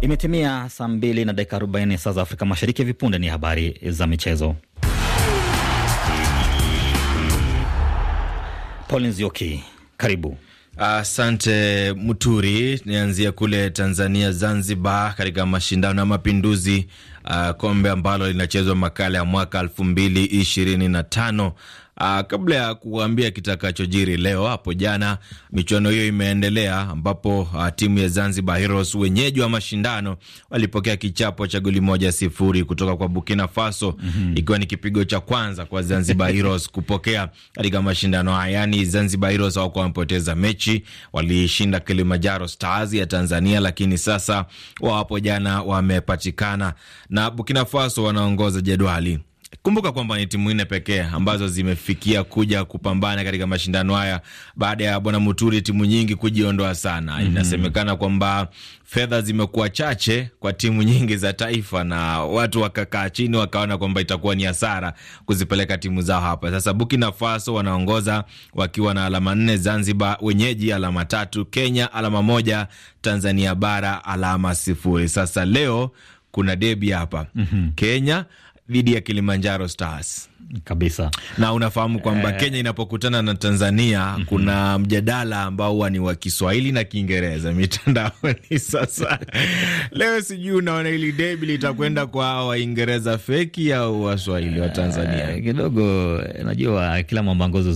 Imetimia saa mbili na dakika 40 saa za Afrika Mashariki. Hivi punde ni habari za michezo. Paul Nzioki, karibu. Asante uh, Muturi. Nianzia kule Tanzania, Zanzibar, katika mashindano ya Mapinduzi, uh, kombe ambalo linachezwa makala ya mwaka elfu mbili ishirini na tano Aa, ah, kabla ya kuambia kitakachojiri leo, hapo jana michuano hiyo imeendelea ambapo ah, timu ya Zanzibar Heroes wenyeji wa mashindano walipokea kichapo cha goli moja sifuri kutoka kwa Burkina Faso mm -hmm. ikiwa ni kipigo cha kwanza kwa Zanzibar Heroes kupokea katika mashindano haya. Yani Zanzibar Heroes hawakuwa wamepoteza mechi, walishinda Kilimanjaro Stars ya Tanzania, lakini sasa wapo jana wamepatikana na Burkina Faso wanaongoza jedwali Kumbuka kwamba ni timu nne pekee ambazo zimefikia kuja kupambana katika mashindano haya baada ya bwana Muturi timu nyingi kujiondoa sana. mm -hmm. Inasemekana kwamba fedha zimekuwa chache kwa timu nyingi za taifa na watu wakakaa chini wakaona kwamba itakuwa ni hasara kuzipeleka timu zao hapa. Sasa Burkina Faso wanaongoza wakiwa na alama nne, Zanzibar wenyeji alama tatu, Kenya alama moja, Tanzania bara alama sifuri. Sasa leo kuna debi hapa mm -hmm. Kenya dhidi ya Kilimanjaro Stars kabisa na unafahamu kwamba e... Kenya inapokutana na Tanzania mm -hmm. kuna mjadala ambao huwa ni wa Kiswahili na Kiingereza mitandaoni. Sasa leo sijui, unaona hili debi litakwenda kwa Waingereza feki au Waswahili wa eh, Tanzania? e, kidogo najua kila mwambangozo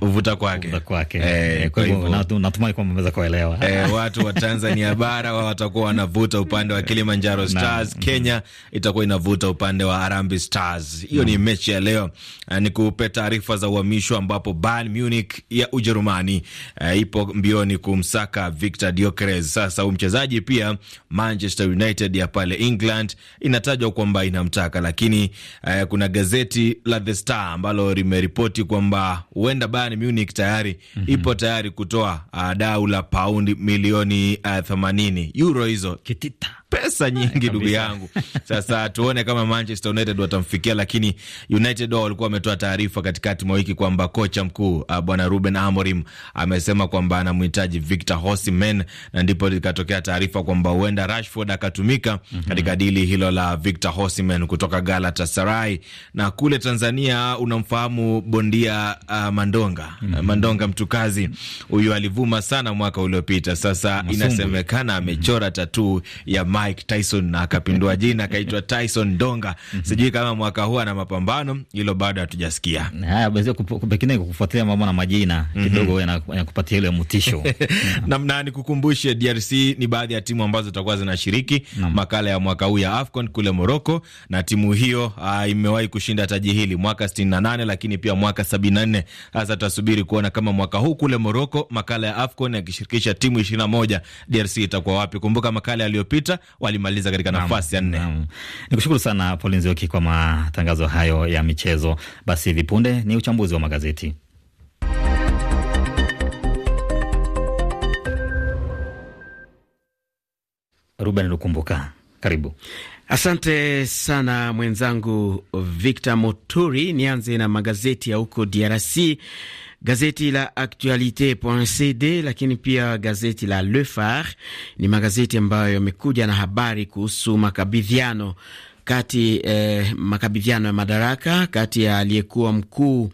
uvuta kwake kwake, eh, kwa hivyo natumai kwamba meweza kuelewa watu wa Tanzania bara wa watakuwa wanavuta upande wa Kilimanjaro Stars na, Kenya mhm. itakuwa inavuta upande wa Harambee Stars. Hiyo ni mm. mechi ya leo uh, eh, ni kupe taarifa za uhamisho ambapo Bayern Munich ya Ujerumani uh, ipo mbioni kumsaka Victor Gyokeres. Sasa huyu mchezaji pia Manchester United ya pale England inatajwa kwamba inamtaka, lakini uh, kuna gazeti la The Star ambalo limeripoti kwamba huenda Bayern Munich tayari mm -hmm. ipo tayari kutoa uh, dau la paundi milioni uh, 80 euro hizo kitita pesa nyingi ndugu yangu. Sasa tuone kama Manchester United watamfikia, lakini United wao walikuwa wametoa taarifa katikati mwa wiki kwamba kocha mkuu ah, bwana Ruben Amorim amesema kwamba anamhitaji Victor Osimhen, na ndipo likatokea taarifa kwamba huenda Rashford akatumika mhm. katika mm -hmm. dili hilo la Victor Osimhen kutoka Galatasaray. Na kule Tanzania unamfahamu bondia uh, Mandonga mm -hmm. Mandonga mtukazi huyu alivuma sana mwaka uliopita. Sasa Masumbu. inasemekana amechora tatuu ya Mike Tyson akapindua jina akaitwa Tyson Donga. Mhm. Sijui kama mwaka huu ana mapambano, hilo bado hatujasikia. Haya basi, pengine kufuatilia mambo na majina mhm. kidogo yanakupatia ile mtisho namna. Nikukumbushe, DRC ni baadhi ya timu ambazo zitakuwa zinashiriki makala ya mwaka huu ya AFCON kule Morocco, na timu hiyo ah, imewahi kushinda taji hili mwaka 68 lakini pia mwaka 74. Sasa tutasubiri kuona kama mwaka huu kule Morocco makala ya AFCON yakishirikisha timu 21 DRC itakuwa wapi? Kumbuka makala yaliyopita walimaliza katika nafasi ya nne. kushukuru sana Paul Nzioki kwa matangazo hayo ya michezo. Basi hivi punde ni uchambuzi wa magazeti. Ruben Lukumbuka, karibu. Asante sana mwenzangu Victor Moturi. Nianze na magazeti ya huko DRC gazeti la Actualite.cd lakini pia gazeti la Le Phare ni magazeti ambayo yamekuja na habari kuhusu makabidhiano kati eh, makabidhiano ya madaraka kati ya aliyekuwa mkuu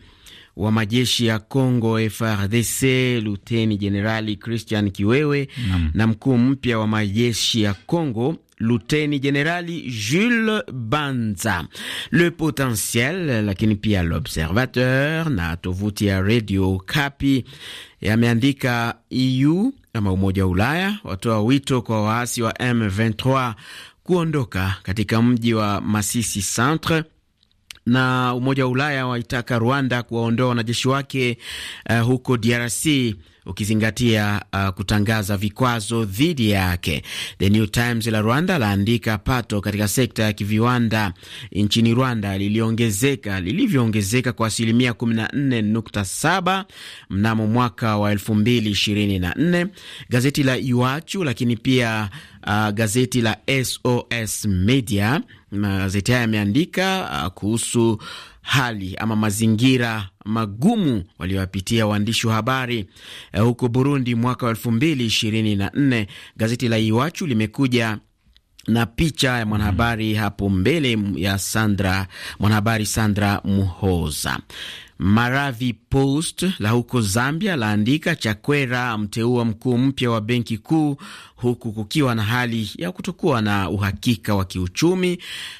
wa majeshi ya Congo frdc Luteni Jenerali Christian Kiwewe na, na mkuu mpya wa majeshi ya Congo Luteni Jenerali Jules Banza. Le Potentiel, lakini pia L'Observateur na tovuti ya Radio Kapi yameandika EU ama Umoja wa Ulaya watoa wito kwa waasi wa M23 kuondoka katika mji wa Masisi Centre na Umoja wa Ulaya waitaka Rwanda kuwaondoa wanajeshi wake uh, huko DRC ukizingatia uh, kutangaza vikwazo dhidi yake. The New Times la Rwanda laandika pato katika sekta ya kiviwanda nchini Rwanda liliongezeka lilivyoongezeka kwa asilimia 14.7 mnamo mwaka wa 2024. Gazeti la Iwachu lakini pia uh, gazeti la SOS Media, magazeti haya yameandika uh, kuhusu hali ama mazingira magumu waliowapitia waandishi wa habari eh, huko Burundi mwaka wa elfu mbili ishirini na nne. Gazeti la Iwachu limekuja na picha ya mwanahabari hapo mbele ya Sandra, mwanahabari Sandra Muhoza. Maravi Post la huko Zambia laandika Chakwera amteua mkuu mpya wa benki kuu huku kukiwa na hali ya kutokuwa na uhakika wa kiuchumi.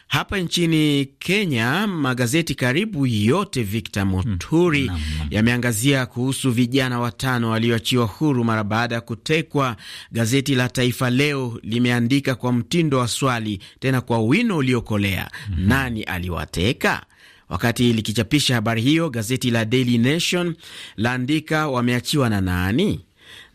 Hapa nchini Kenya, magazeti karibu yote Victor Moturi hmm, yameangazia kuhusu vijana watano walioachiwa huru mara baada ya kutekwa. Gazeti la Taifa Leo limeandika kwa mtindo wa swali, tena kwa wino uliokolea, hmm, nani aliwateka? Wakati likichapisha habari hiyo, gazeti la Daily Nation laandika wameachiwa na nani?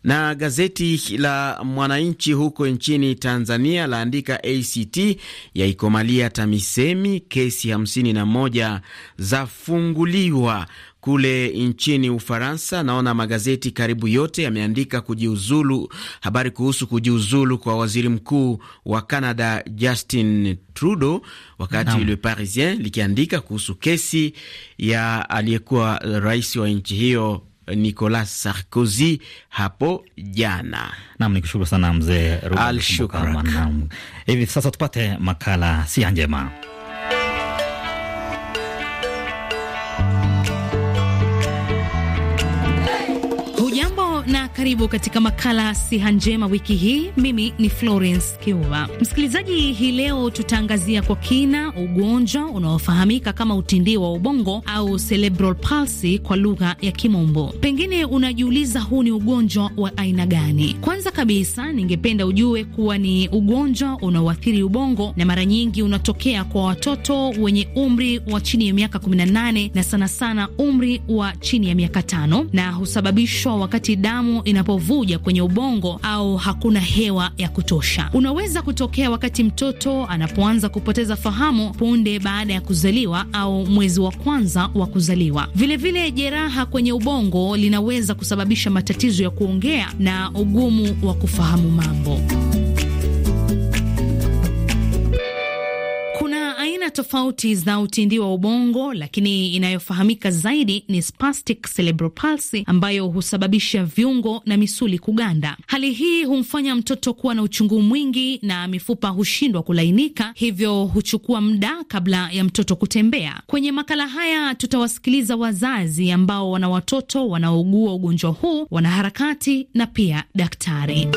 Na gazeti la Mwananchi huko nchini Tanzania laandika ACT yaikomalia TAMISEMI, kesi 51 zafunguliwa. Kule nchini Ufaransa, naona magazeti karibu yote yameandika kujiuzulu, habari kuhusu kujiuzulu kwa waziri mkuu wa Canada Justin Trudeau, wakati no. Le Parisien likiandika kuhusu kesi ya aliyekuwa rais wa nchi hiyo Nicolas Sarkozy hapo jana. Nam ni kushukuru sana mzee. Hivi sasa tupate makala siha njema. karibu katika makala siha njema wiki hii. Mimi ni Florence Kiuva. Msikilizaji, hii leo tutaangazia kwa kina ugonjwa unaofahamika kama utindi wa ubongo au cerebral palsy kwa lugha ya Kimombo. Pengine unajiuliza huu ni ugonjwa wa aina gani? Kwanza kabisa, ningependa ujue kuwa ni ugonjwa unaoathiri ubongo na mara nyingi unatokea kwa watoto wenye umri wa chini ya miaka 18 na sana sana umri wa chini ya miaka tano na husababishwa wakati damu inapovuja kwenye ubongo au hakuna hewa ya kutosha. Unaweza kutokea wakati mtoto anapoanza kupoteza fahamu punde baada ya kuzaliwa au mwezi wa kwanza wa kuzaliwa. Vilevile vile jeraha kwenye ubongo linaweza kusababisha matatizo ya kuongea na ugumu wa kufahamu mambo. tofauti za utindi wa ubongo, lakini inayofahamika zaidi ni spastic cerebral palsy ambayo husababisha viungo na misuli kuganda. Hali hii humfanya mtoto kuwa na uchungu mwingi na mifupa hushindwa kulainika, hivyo huchukua muda kabla ya mtoto kutembea. Kwenye makala haya tutawasikiliza wazazi ambao wana watoto wanaougua ugonjwa huu, wanaharakati na pia daktari.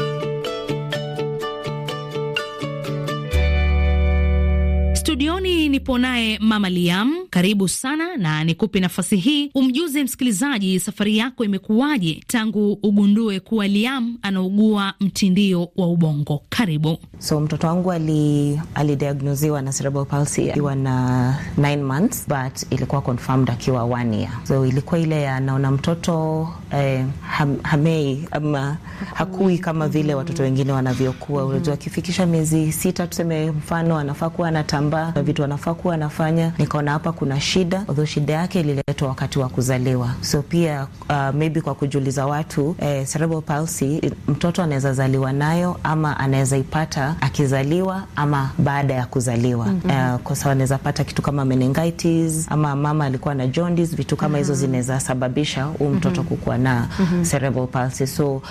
Studioni hii nipo naye Mama Liam, karibu sana na nikupe nafasi hii umjuze msikilizaji safari yako imekuwaje tangu ugundue kuwa Liam anaugua mtindio wa ubongo. Karibu. So mtoto wangu alidiagnoziwa ali na cerebral palsy akiwa na 9 months but ilikuwa confirmed akiwa 1 year, so ilikuwa ile anaona mtoto eh, ham, hamei ama hakui kama vile watoto wengine wanavyokuwa. Mm-hmm. Unajua, akifikisha miezi sita tuseme, mfano anafaa kuwa anatambaa vitu anafaa kuwa anafanya, nikaona hapa kuna shida, although shida yake ililetwa wakati wa kuzaliwa. So pia uh, maybe kwa kujuliza watu eh, cerebral palsy mtoto anaweza zaliwa nayo ama anaweza ipata akizaliwa ama baada ya kuzaliwa mm -hmm. uh, kwa sababu anaweza pata kitu kama meningitis ama mama alikuwa na jaundice, vitu kama mm -hmm. hizo mm-hmm. zinaweza sababisha huu mtoto mm -hmm. kukuwa na mm -hmm. cerebral palsy. So uh,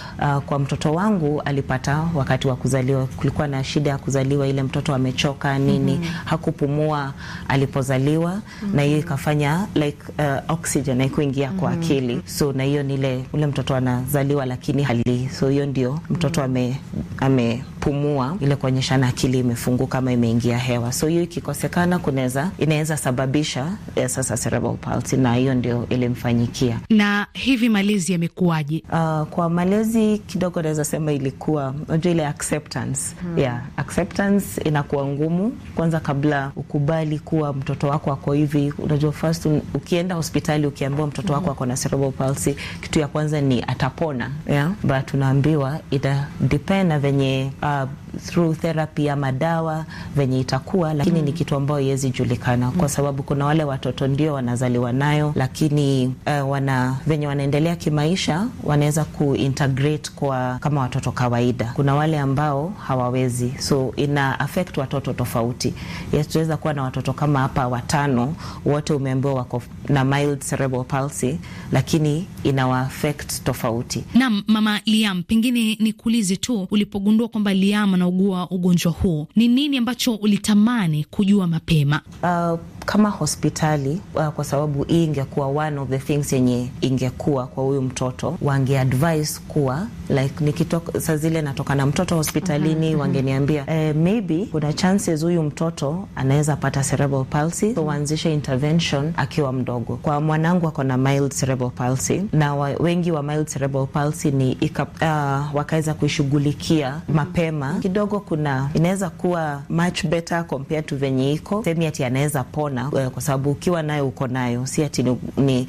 kwa mtoto wangu alipata wakati wa kuzaliwa, kulikuwa na shida ya kuzaliwa, ile mtoto amechoka nini, mm -hmm. hakupumua kupumua alipozaliwa mm -hmm. na hiyo ikafanya like uh, oxygen haikuingia kwa mm -hmm. akili, so na hiyo nile ule mtoto anazaliwa lakini hali, so hiyo ndio mtoto ame, ame kupumua, ile kuonyesha na akili imefunguka kama imeingia hewa. So hiyo ikikosekana, kunaweza inaweza sababisha eh, sasa cerebral palsy, na hiyo ndio ilimfanyikia. Na hivi malezi yamekuwaje? Uh, kwa malezi kidogo naweza sema ilikuwa unajua ile acceptance. Hmm. Yeah, acceptance inakuwa ngumu kwanza, kabla ukubali kuwa mtoto wako ako hivi. Unajua first un, ukienda hospitali ukiambiwa mtoto hmm, wako ako na cerebral palsy, kitu ya kwanza ni atapona, yeah? But unaambiwa ita depend na venye uh, uh, through therapy ama dawa venye itakuwa, lakini mm. ni kitu ambayo iwezi julikana mm. kwa sababu kuna wale watoto ndio wanazaliwa nayo, lakini uh, wana venye wanaendelea kimaisha wanaweza kuintegrate kwa kama watoto kawaida. Kuna wale ambao hawawezi, so ina affect watoto tofauti. Yes, tunaweza kuwa na watoto kama hapa watano, wote umeambiwa wako na mild cerebral palsy, lakini inawa affect tofauti. Na mama Liam, pengine nikuulize tu ulipogundua kwamba Liam wanaugua ugonjwa huo. Ni nini ambacho ulitamani kujua mapema? Uh, kama hospitali uh, kwa sababu hii ingekuwa one of the things yenye ingekuwa kwa huyu mtoto, wange advise kuwa like nikitoka saa zile natoka na mtoto hospitalini mm -hmm. wangeniambia eh, maybe kuna chances huyu mtoto anaweza pata cerebral palsy, so waanzishe intervention akiwa mdogo. Kwa mwanangu ako na mild cerebral palsy, na wa, wengi wa mild cerebral palsy ni ika, uh, wakaweza kuishughulikia mm -hmm. mapema mhm. kidogo, kuna inaweza kuwa much better compared to venye iko semi ati anaweza pona kuona, eh, kwa sababu ukiwa nayo uko nayo, si ati ni,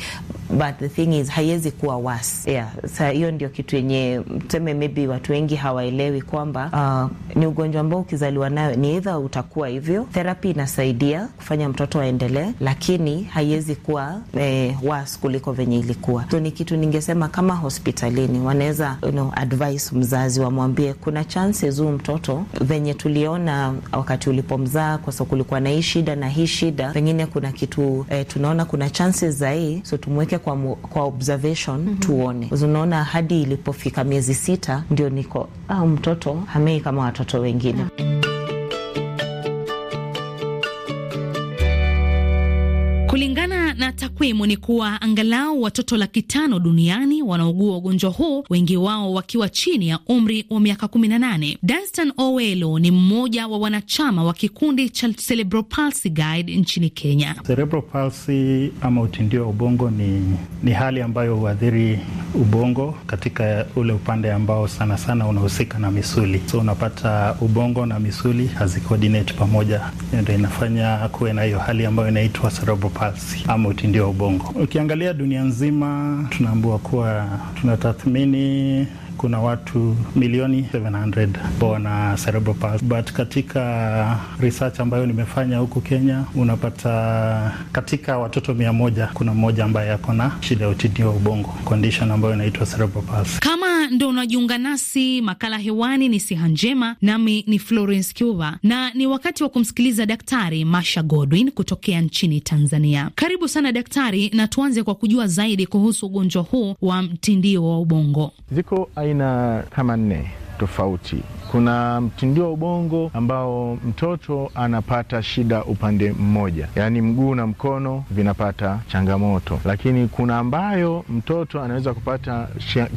but the thing is haiwezi kuwa worse yeah. Sa hiyo ndio kitu yenye tuseme maybe watu wengi hawaelewi kwamba uh, ni ugonjwa ambao ukizaliwa nayo ni either utakuwa hivyo. Therapy inasaidia kufanya mtoto aendelee, lakini haiwezi kuwa eh, worse kuliko venye ilikuwa. So ni kitu ningesema kama hospitalini wanaweza you know, advise mzazi wamwambie kuna chances huu mtoto venye tuliona wakati ulipomzaa, kwa sababu kulikuwa na hii shida na hii shida pengine kuna kitu eh, tunaona kuna chances za hii, so tumweke kwa, kwa observation mm -hmm. Tuone unaona, hadi ilipofika miezi sita ndio niko ah, mtoto hamei kama watoto wengine mm -hmm takwimu ni kuwa angalau watoto laki tano duniani wanaogua ugonjwa huu, wengi wao wakiwa chini ya umri wa miaka 18. Danstan Owelo ni mmoja wa wanachama wa kikundi cha Cerebral Palsy Guide nchini Kenya. Cerebral palsy ama utindio wa ubongo ni, ni hali ambayo huadhiri ubongo katika ule upande ambao sana sana unahusika na misuli, so unapata ubongo na misuli hazikoordinate pamoja, ndio inafanya kuwe na hiyo hali ambayo inaitwa cerebral palsy ama ndio ubongo. Ukiangalia dunia nzima, tunaambua kuwa tunatathmini kuna watu milioni 700 wana cerebral palsy, but katika research ambayo nimefanya huku Kenya unapata katika watoto mia moja kuna mmoja ambaye ako na shida ya utindio wa ubongo, condition ambayo inaitwa cerebral palsy. Kama ndo unajiunga nasi, makala hewani ni siha njema, nami ni Florence cuve na ni wakati wa kumsikiliza Daktari Masha Godwin kutokea nchini Tanzania. Karibu sana daktari, na tuanze kwa kujua zaidi kuhusu ugonjwa huu wa mtindio wa ubongo. Ziko aina kama nne tofauti kuna mtindio wa ubongo ambao mtoto anapata shida upande mmoja, yaani mguu na mkono vinapata changamoto, lakini kuna ambayo mtoto anaweza kupata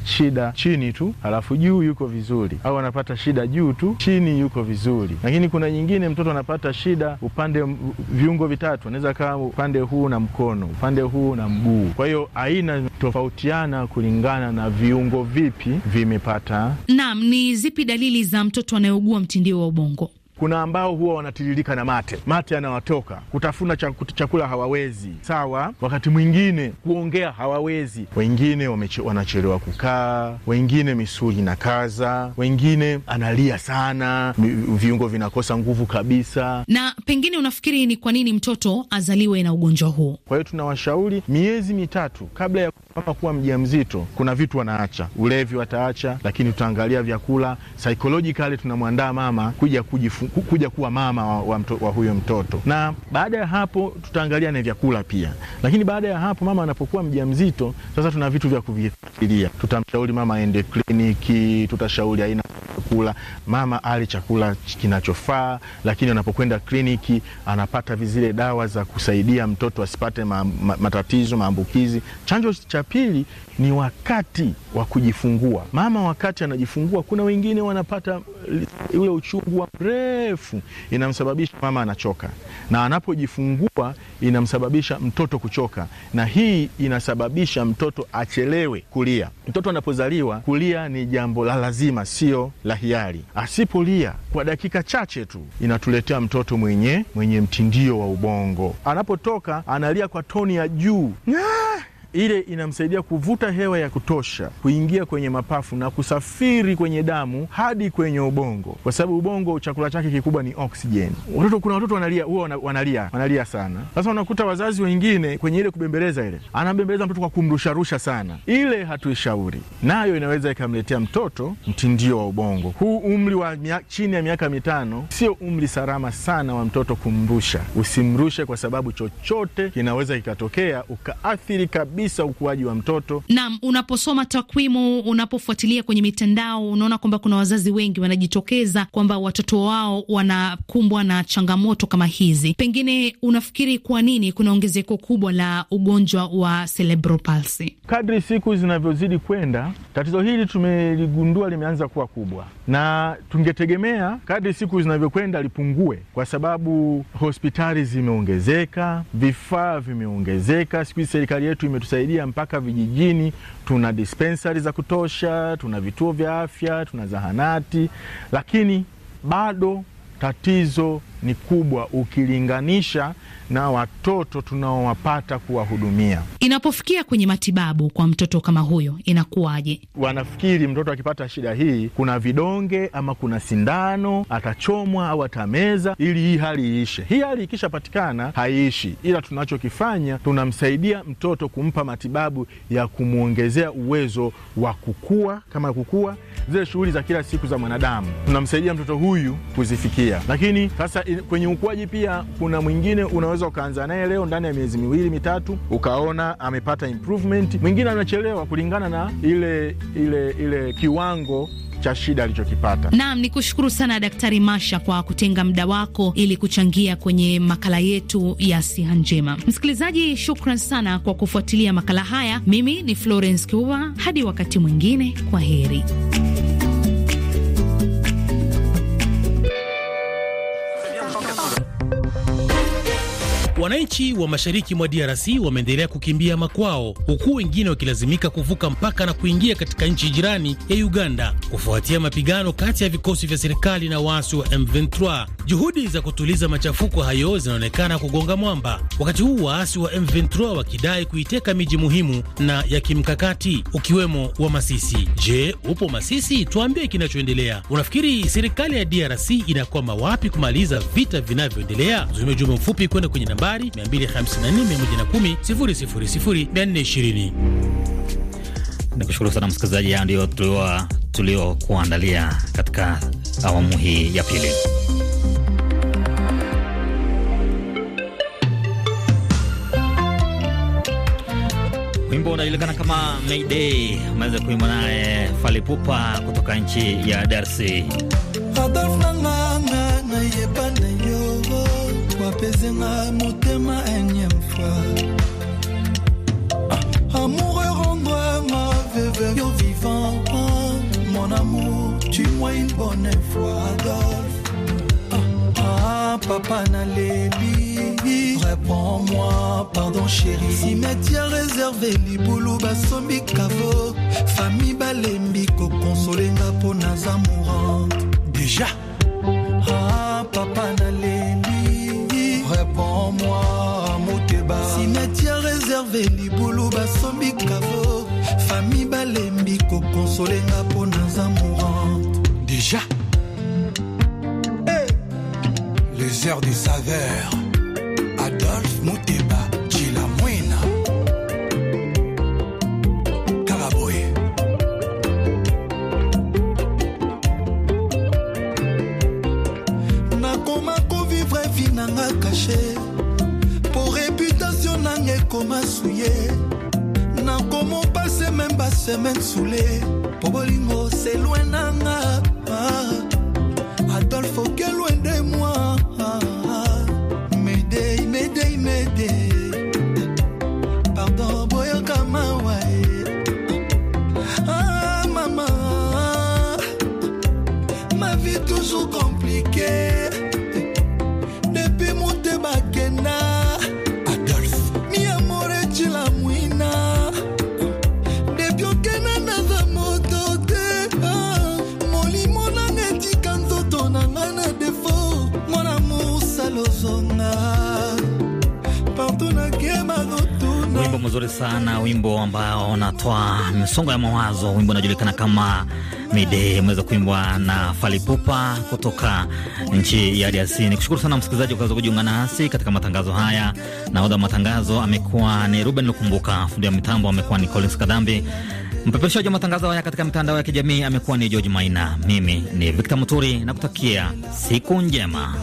shida chini tu, halafu juu yuko vizuri, au anapata shida juu tu, chini yuko vizuri. Lakini kuna nyingine mtoto anapata shida upande, viungo vitatu, anaweza kawa upande huu na mkono, upande huu na mguu. Kwa hiyo aina tofautiana kulingana na viungo vipi vimepata. Naam, ni zipi dalili za mtoto anayeugua mtindio wa ubongo. Kuna ambao huwa wanatiririka na mate, mate yanawatoka. Kutafuna chakula hawawezi, sawa. Wakati mwingine kuongea hawawezi, wengine wanachelewa kukaa, wengine misuli na kaza, wengine analia sana, viungo vinakosa nguvu kabisa. Na pengine unafikiri ni kwa nini mtoto azaliwe na ugonjwa huu? Kwa hiyo tunawashauri miezi mitatu kabla ya mama kuwa mzito kuna vitu wanaacha, ulevi wataacha, lakini tutaangalia vyakula, psychologically tunamwandaa mama kuja kujifu kuja kuwa mama wa, wa, mto, wa huyo mtoto. Na baada ya hapo tutaangalia na vyakula pia, lakini baada ya hapo mama anapokuwa mjamzito sasa, tuna vitu vya kuvifikiria. Tutamshauri mama aende kliniki, tutashauri aina chakula mama ali chakula kinachofaa, lakini anapokwenda kliniki anapata vizile dawa za kusaidia mtoto asipate ma, ma, matatizo maambukizi. Chanjo cha pili ni wakati wa kujifungua. Mama wakati anajifungua, kuna wengine wanapata eh, ule uchungu wa mre mrefu inamsababisha mama anachoka, na anapojifungua inamsababisha mtoto kuchoka, na hii inasababisha mtoto achelewe kulia. Mtoto anapozaliwa kulia ni jambo la lazima, sio la hiari. Asipolia kwa dakika chache tu inatuletea mtoto mwenye mwenye mtindio wa ubongo, anapotoka analia kwa toni ya juu ah! ile inamsaidia kuvuta hewa ya kutosha kuingia kwenye mapafu na kusafiri kwenye damu hadi kwenye ubongo, kwa sababu ubongo chakula chake kikubwa ni oksijeni. Watoto, kuna watoto wanalia, huwa wanalia, wanalia sana. Sasa unakuta wazazi wengine kwenye ile kubembeleza, ile anabembeleza mtoto kwa kumrusharusha sana, ile hatuishauri nayo, inaweza ikamletea mtoto mtindio wa ubongo. Huu umri wa mia, chini ya miaka mitano sio umri salama sana wa mtoto kumrusha. Usimrushe kwa sababu chochote kinaweza kikatokea ukaathiri kabisa kabisa ukuaji wa mtoto. Naam, unaposoma takwimu, unapofuatilia kwenye mitandao, unaona kwamba kuna wazazi wengi wanajitokeza kwamba watoto wao wanakumbwa na changamoto kama hizi. Pengine unafikiri kwa nini kuna ongezeko kubwa la ugonjwa wa cerebral palsy? Kadri siku zinavyozidi kwenda, tatizo hili tumeligundua limeanza kuwa kubwa, na tungetegemea kadri siku zinavyokwenda lipungue, kwa sababu hospitali zimeongezeka, vifaa vimeongezeka, siku hizi serikali yetu imetu kutusaidia mpaka vijijini. Tuna dispensari za kutosha, tuna vituo vya afya, tuna zahanati, lakini bado tatizo ni kubwa ukilinganisha na watoto tunaowapata kuwahudumia. Inapofikia kwenye matibabu kwa mtoto kama huyo inakuwaje? Wanafikiri mtoto akipata shida hii kuna vidonge ama kuna sindano atachomwa au atameza ili hii hali iishe. Hii hali ikishapatikana haiishi, ila tunachokifanya tunamsaidia mtoto kumpa matibabu ya kumwongezea uwezo wa kukua kama kukua zile shughuli za kila siku za mwanadamu, tunamsaidia mtoto huyu kuzifikia. Lakini sasa kwenye ukuaji pia kuna mwingine unaweza ukaanza naye leo, ndani ya miezi miwili mitatu ukaona amepata improvement. Mwingine anachelewa kulingana na ile ile ile kiwango cha shida alichokipata. Naam, ni kushukuru sana Daktari Masha kwa kutenga muda wako ili kuchangia kwenye makala yetu ya siha njema. Msikilizaji, shukran sana kwa kufuatilia makala haya. Mimi ni Florence Kuva, hadi wakati mwingine, kwa heri. Wananchi wa mashariki mwa DRC wameendelea kukimbia makwao, huku wengine wakilazimika kuvuka mpaka na kuingia katika nchi jirani ya Uganda kufuatia mapigano kati ya vikosi vya serikali na waasi wa M23. Juhudi za kutuliza machafuko hayo zinaonekana kugonga mwamba, wakati huu waasi wa M23 wakidai kuiteka miji muhimu na ya kimkakati ukiwemo wa Masisi. Je, upo Masisi? Tuambie kinachoendelea. Unafikiri serikali ya DRC inakwama wapi kumaliza vita vinavyoendelea? Zume mfupi kwenda kwenye nambari nambari 254 110 420. Nikushukuru sana msikilizaji, haya ndio tuliokuandalia katika awamu hii ya pili. Wimbo unajulikana kama Mayday umeweza kuimba naye Falipupa kutoka nchi ya DRC. nanga motema fois. Ah, amoureux endroit, ma yo vivant mon amour tu moi une bonne fois Adolphe ah, ah papa lebi réponds-moi pardon chéri réservés, réservé libulu basombi kavo famille balembi kokonsolenga na naza mourante déjà ave libulu basombi kabo fami balembi kokonsolenga mpo na nza mourante déjà les heures des saveur adolphe moteba chilamwina convivre nakoma kovivre vi nanga kashe mongi ekoma suye nakomopase meme basemaine sule po bolingo selwe nanga wimbo ambao unatoa msongo ya mawazo. Wimbo unajulikana kama Mide, umeweza kuimbwa na Falipupa kutoka nchi ya DRC. Ni kushukuru sana msikilizaji kwa kujiunga nasi katika matangazo haya. Nahodha wa matangazo amekuwa ni Ruben Lukumbuka, fundi wa mitambo amekuwa ni Collins Kadambi, mpeperushaji wa matangazo haya katika mitandao ya kijamii amekuwa ni George Maina. Mimi ni Victor Muturi na kutakia siku njema.